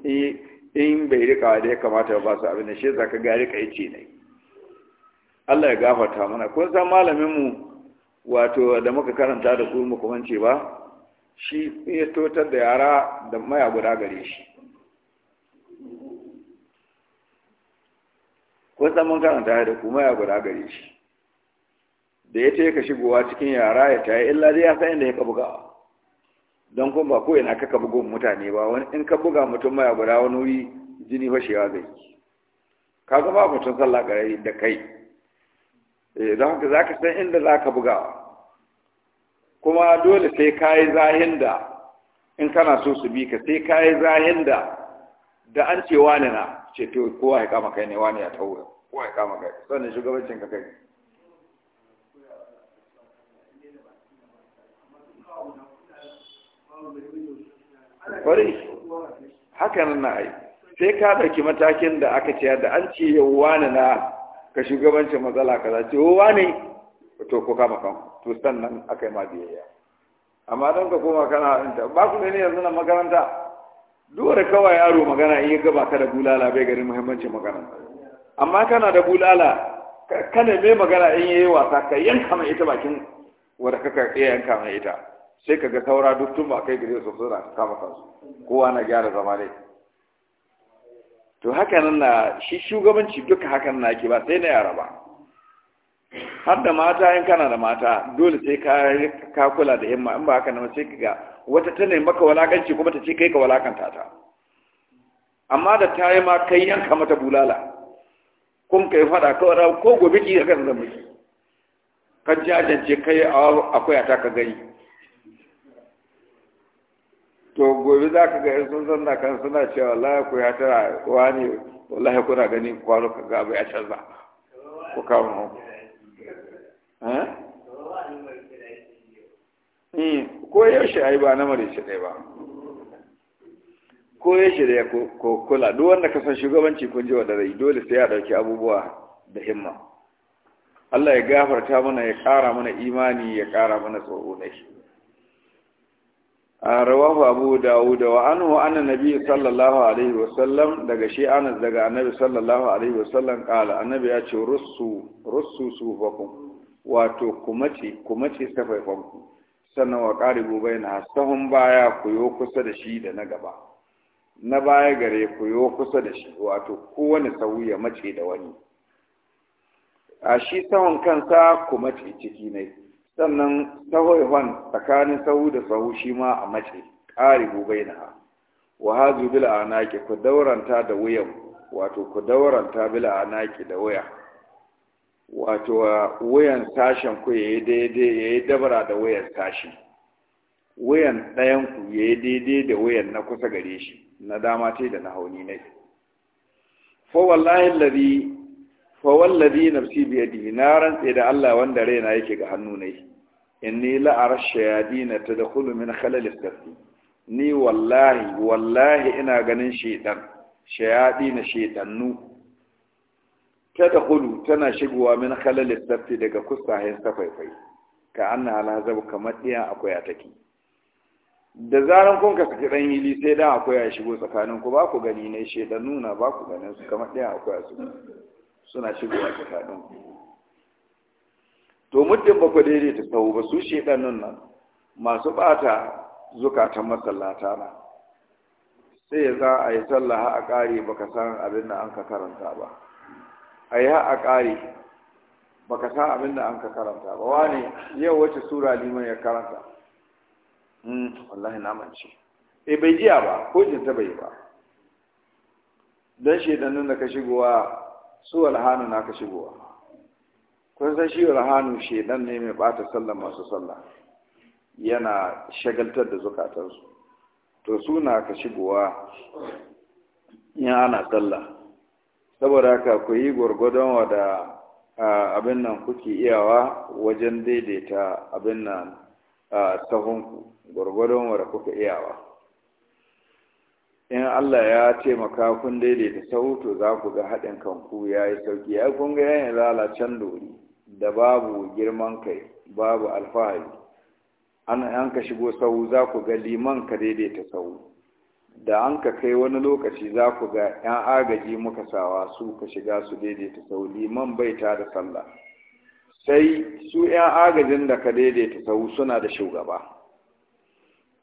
in bai rika da ya kamata ba su abin da shi zaka ga rika yace ne Allah ya gafarta mana kun san malamin mu wato da muka karanta da ku muku mance ba shi ya totar da yara da maya guda gare shi kun san mun karanta da ku maya guda gare shi da ya ce ka shigowa cikin yara ya tayi illa dai ya san inda ya kabugawa don kuma ba koyi na kaka bugun mutane ba wani in ka buga mutum mai guda wani wuri jini fashewa zai yi ka zama mutum sallah ƙarari da kai eh, don haka za ka san inda za ka bugawa kuma dole sai ka yi zahin da in kana so su bi ka sai ka yi zahin da da an ce wani na ce to kowa ya kama kai ne wani ya taura kowa ya kama kai sannan shugabancin ka kai haka nan na ai sai ka ɗauki matakin da aka ce da an ce yau wani na ka shugabancin matsala ka zace yau wani to ko kama kan to sannan aka yi ma biyayya amma don ka koma kana inta ba ku ne yanzu na makaranta dole kawai yaro magana in ya gaba ka da bulala bai garin muhimmancin magana amma kana da bulala ne mai magana in yi wasa ka yanka mai ita bakin wadda ka yanka mai ita sai kaga saura duk tun ba kai gare su suna kama kansu kowa na gyara zama ne to haka nan na shi shugabanci duka hakan na ke ba sai na yara ba har da mata yin kana da mata dole sai ka ka kula da himma in ba haka nan sai kaga wata ta ne maka walakanci kuma ta ce kai ka walakanta ta amma da ta yi ma kai yanka mata bulala kun kai fada kawai ko gobe ki haka zama miki kan jajance kai akwai ta ka gani to gobe za ka ga yan sun da kan suna cewa wallahi ku ya tara wani wallahi kuna gani kwano ka ga abu ya canza ku kawo mu eh? Eh, ko yaushe ai ba na marice ɗaya ba ko yaushe da ya kula duk wanda ka san shugabanci kun ji wadda rai dole sai ya ɗauki abubuwa da himma Allah ya gafarta mana ya ƙara mana imani ya ƙara mana tsoro na shi rawahu abu dawud wa anhu anna nabi sallallahu alaihi wasallam daga shi anas daga annabi sallallahu alaihi wasallam kala annabi ya ce rusu russu sufakum wato kumace kumace safaifanku sannan wa qaribu baina sahun baya ku yo kusa da shi da na gaba na baya gare ku yo kusa da shi wato kowane sauyi ya mace da wani a shi sahun kansa kumace ciki ne sannan sahoihon tsakanin sahu da sahu shi ma a mace ƙari gobe na ha wa hazu bil anaki ku dauranta da wuyan wato ku dauranta bil anaki da wuya wato uh, wuyan sashen ku yayi daidai yayi dabara da wuyan sashi wuyan ɗayan ku yayi daidai da wuyan na kusa gare shi na dama ce da na hauni ne fa wallahi alladhi wa wallazi nafsi bi yadihi na rantse da Allah wanda raina yake ga hannu ne inni la arshayadina tadkhulu min khalal as-safi ni wallahi wallahi ina ganin shedan shayadina shaytanu tadkhulu tana shigowa min khalal as-safi daga kusahin safaifai ka anna zabu kamar diya akwai ataki da zaran kun ka saki dan hili sai dan akwai ya shigo tsakanin ku ba ku gani ne shaytanu na ba ku ganin su kamar diya akwai su suna shigowa tsakanin to muddin ba ku daidaita sau ba su shedanun nan masu bata zukatan masallata na. sai za a yi sallah a ƙari baka san abin da an ka karanta ba a yi a ƙari baka san abin da an ka karanta ba wani yau wace sura liman ya karanta hmm, wallahi na mance e bai jiya ba ko jinta bai ba don shedanun da ka shigowa su alhanu na ka shigowa kun san shi alhanu dan ne mai bata sallah masu sallah yana shagaltar da zukatansu to su na ka shigowa in ana sallah saboda haka ku yi gwargwadon wada abin nan kuke iyawa wajen daidaita abin nan sahunku gwargwadon wada kuka iyawa in Allah ya taimaka kun daidaita sautu za ku ga haɗin kanku ya yi sauki ya kun ga yan lalacen dori da babu girman kai babu alfahari an an ka shigo sau za ku ga liman ka daidaita sau da an ka kai wani lokaci za ku ga yan agaji muka sawa su ka shiga su daidaita sau liman bai ta da sallah sai su yan agajin da ka daidaita sau suna da shugaba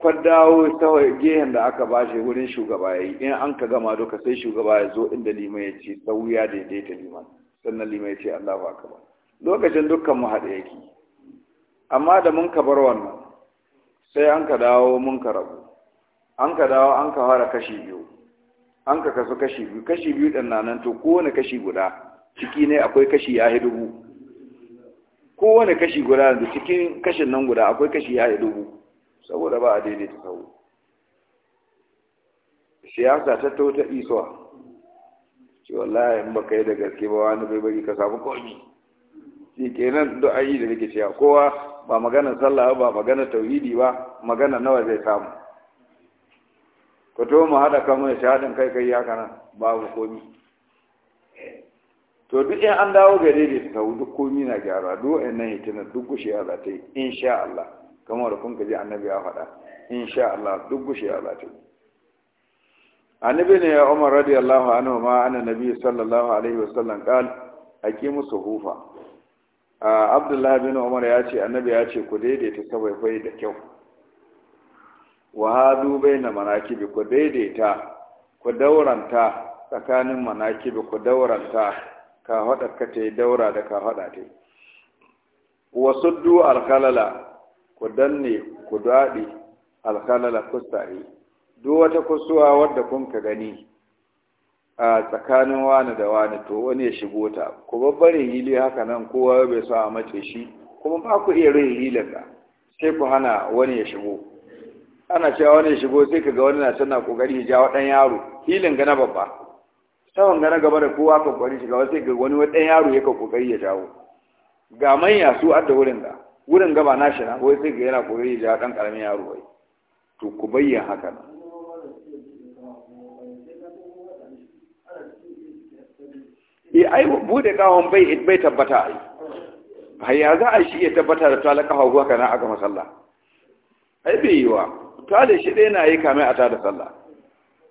kwadawo ta gehen da aka bashi wurin shugaba ya yi in an ka gama duka sai shugaba ya zo inda liman ya ce sauya daidaita liman sannan liman ya ce allahu akbar lokacin dukkan mu haɗe yake amma da mun ka bar wannan sai an ka dawo mun ka rabu an ka dawo an ka fara kashi biyu an ka kasu kashi biyu kashi biyu ɗin nan to kowane kashi guda ciki ne akwai kashi ya dubu kowane kashi guda da cikin kashin nan guda akwai kashi ya dubu saboda ba a daidaita sahu siyasa ta ta isuwa ce wallahi in baka yi da gaske ba wani bai bari ka samu komi shi kenan duk ayi da nake cewa kowa ba maganar sallah ba maganar tauhidi ba magana nawa zai samu ka to mu haɗa kan mai shahadin kai kai ya kana babu komi to duk in an dawo gare da ta duk komi na gyara duk wa'annan hitinar duk gushe za ta yi insha Allah kamar da kun kaji annabi ya faɗa insha Allah duk gushe ya lati annabi ne ya Umar radiyallahu anhu ma anna nabi sallallahu alaihi wasallam qal aqimu suhufa Abdullah bin Umar ya ce annabi ya ce ku daidaita sabai da kyau wa hadu baina manakibi ku daidaita ku dauranta tsakanin manakibi ku dauranta ka hada ka ta daura da ka hada ta wasuddu alkalala ku danne ku daɗe alkalala kustaye duk wata kusuwa wadda kun ka gani a tsakanin wani da wani to wani ya shigo ta ku babbare hili haka nan kowa ya bai so a mace shi kuma ba ku iya rai hilin ka. sai ku hana wani ya shigo ana cewa wani ya shigo sai ka ga wani na tana kokari ja wadan yaro hilin ga na babba sawan ga na gaba da kowa ka kokari shiga sai ga wani wadan yaro ya ka kokari ya jawo ga manya su adda wurin da wurin gaba na shi na wai sai ga yana koyi da ɗan karamin yaro bai to ku bayyana haka nan e ai bude kawon bai bai tabbata ai hayya za a shi ya tabbata da talaka hawo haka na aka masalla ai bai yi wa tale shi dai na yi kamai a tada sallah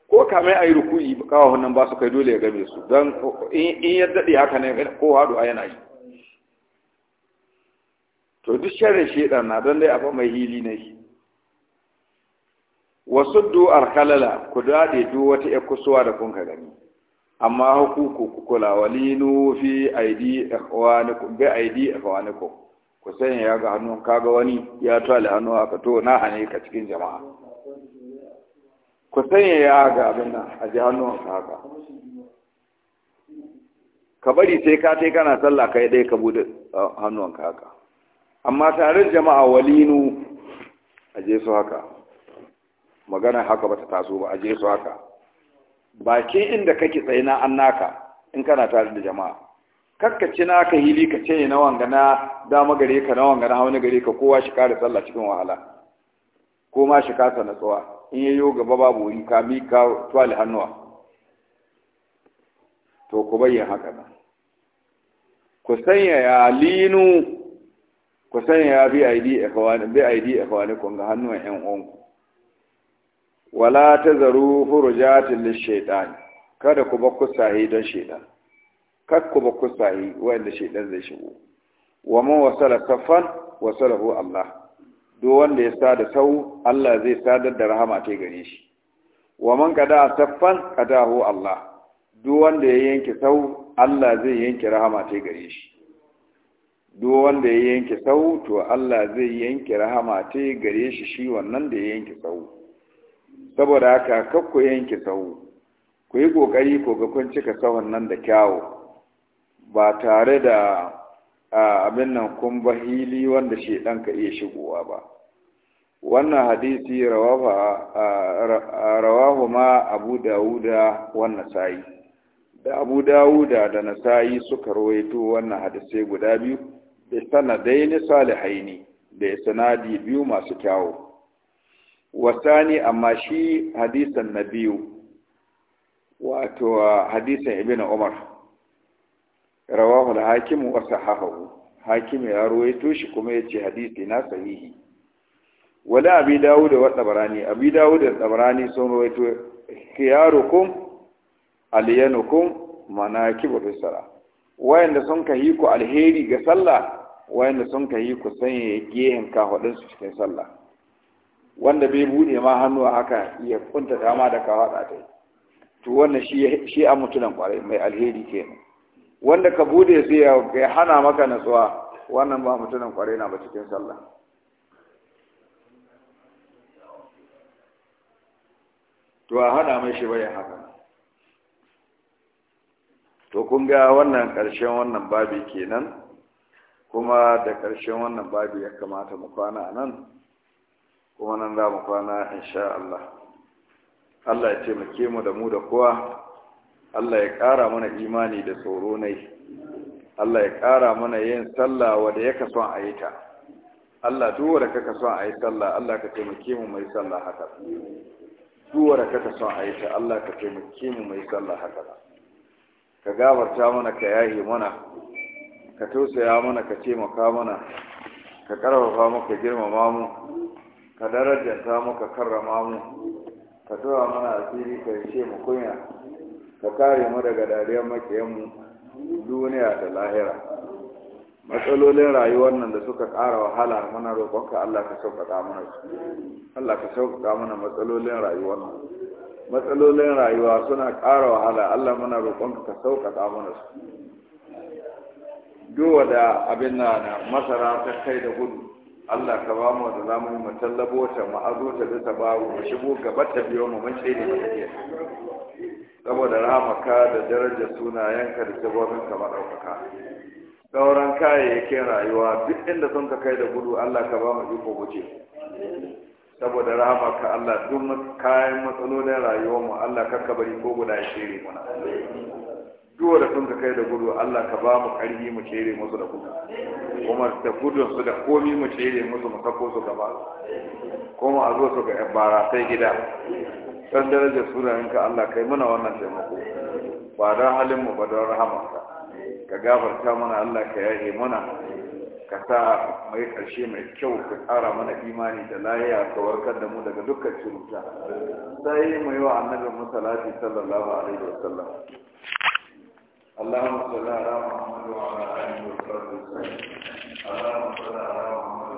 ko kamai ai ruku'i kawon nan ba su kai dole ya gabe su dan in ya dade haka ne ko hadu a yana to duk shi shaidan na don dai abu mai hili ne wasu du'ar arkalala ku daɗe duk wata ya kusuwa da kun ka gani amma hukuku ku kula walinu fi aidi ikhwanikum bi aidi ikhwanikum ku sanya ya ga hannu kaga wani ya tale hannu aka to na hane ka cikin jama'a ku sanya ya ga abin nan a ji hannu ka haka ka bari sai ka tai kana sallah kai dai ka bude uh, hannun ka haka amma taron jama'a walinu a je su haka magana haka ba ta taso ba a je su haka bakin inda kake tsaye na an naka in kana tare da jama'a na naka hili ka ce na wangana dama gare ka na wangana hauna gare ka kowa shi kare sallah cikin wahala ko ma shi kasa natsuwa in yayo gaba babu wuri ka mi ka twali hannuwa to ku bayyana haka ku sanya ya linu ku sanya bi aidi ikhwani bi aidi ikhwani kun ga hannuwan ƴan ku wala tazaru furujatin lishaytan kada ku bakku sahi don shaytan Kada ku bakku sahi wanda shaytan zai shigo wa man wasala safan wasalahu Allah duk wanda ya sada sau Allah zai sadar da rahama ta gare shi wa man kada saffan kadahu Allah duk wanda ya yanke sau Allah zai yanke rahama ta gare shi duk wanda ya yanke sau to Allah zai yanke rahama ta gare shi shi wannan da ya yanke sau saboda haka kar ku yanke sau ku yi kokari ko ga kun cika tsawon nan da kyawu ba tare da abin nan kun ba hili wanda shi dan ka iya shigowa ba wannan hadisi rawahu ma abu dawuda wannan sayi da abu dawuda da nasayi suka rawaito wannan hadisi guda biyu bisanadaini salihaini da sanadi biyu masu kyawo. wasani amma shi hadisan na biyu wato hadisan ibn umar rawahu al-hakim wa sahahahu hakim ya ruwaito shi kuma yace hadisi na sahihi wala abi dawud wa tabarani abi dawud da tabarani sun ruwaito khiyarukum aliyanukum manakibul sala wayanda sun kahi ku alheri ga sallah wayanda sun ka yi ku sanya gehen kafaɗin su cikin sallah wanda bai buɗe ma hannu a haka ya kunta dama da kafaɗa ta to wannan shi a mutunan ƙwarai, mai alheri kenan wanda ka buɗe su ya hana maka natsuwa wannan ba mutunan ƙwarai na ba cikin sallah to a hana mai shi bayan haka to kun ga wannan ƙarshen wannan babi kenan kuma da ƙarshen wannan babu ya kamata mu kwana nan kuma nan za mu kwana insha Allah Allah ya taimake mu da mu da kowa Allah ya ƙara mana imani da tsoro nai Allah ya ƙara mana yin sallah wanda ya kaso a yi ta Allah duk wanda kaka so a yi sallah Allah ka taimake mu mai sallah haka duk wanda kaka so a yi ta Allah ka taimake mu mai sallah haka ka gabarta mana ka yahi mana ka tausaya mana ka taimaka mana ka karfafa mu ka girmama mu ka darajanta mu ka karrama mu ka tura mana asiri ka ce mu kunya ka kare mu daga dariyar makiyanmu duniya da lahira matsalolin rayuwar nan da suka ƙara wahala mana roƙonka Allah ka sauƙaƙa mana su Allah ka sauƙaƙa mana matsalolin rayuwar nan matsalolin rayuwa suna ƙara wahala Allah mana roƙonka ka sauƙaƙa mana su duwa da abin na masara ta kai da gudu Allah ka ba mu da zamu mu tallabo ta mu azo ta ta bawo mu shigo gaba ta biyo mu mun tsere mu take saboda rahamaka da daraja sunayenka da sabon ka daukaka sauran kayayyakin rayuwa duk inda sun ka kai da gudu Allah ka ba mu iko wuce saboda rahamaka Allah duk kayan matsalolin rayuwar mu Allah ka bari ko guda shiri muna duwa da sun ka kai da gudu Allah ka ba mu ƙarfi mu cere musu da gudu kuma da gudun su da komi mu cere musu mu sako su gaba kuma a zo su ga bara barasai gida dan darajar sunayen ka Allah kai muna wannan taimako ba don halin mu ba don rahama ka ka gafarta mana Allah ka yaye mana ka sa mai ƙarshe mai kyau ka tsara mana imani da lahiya ka warkar da mu daga dukkan cuta sai mu yi wa annabin mu sallallahu alaihi wasallam اللهم صل على محمد وعلى اله وصحبه وسلم اللهم صل على محمد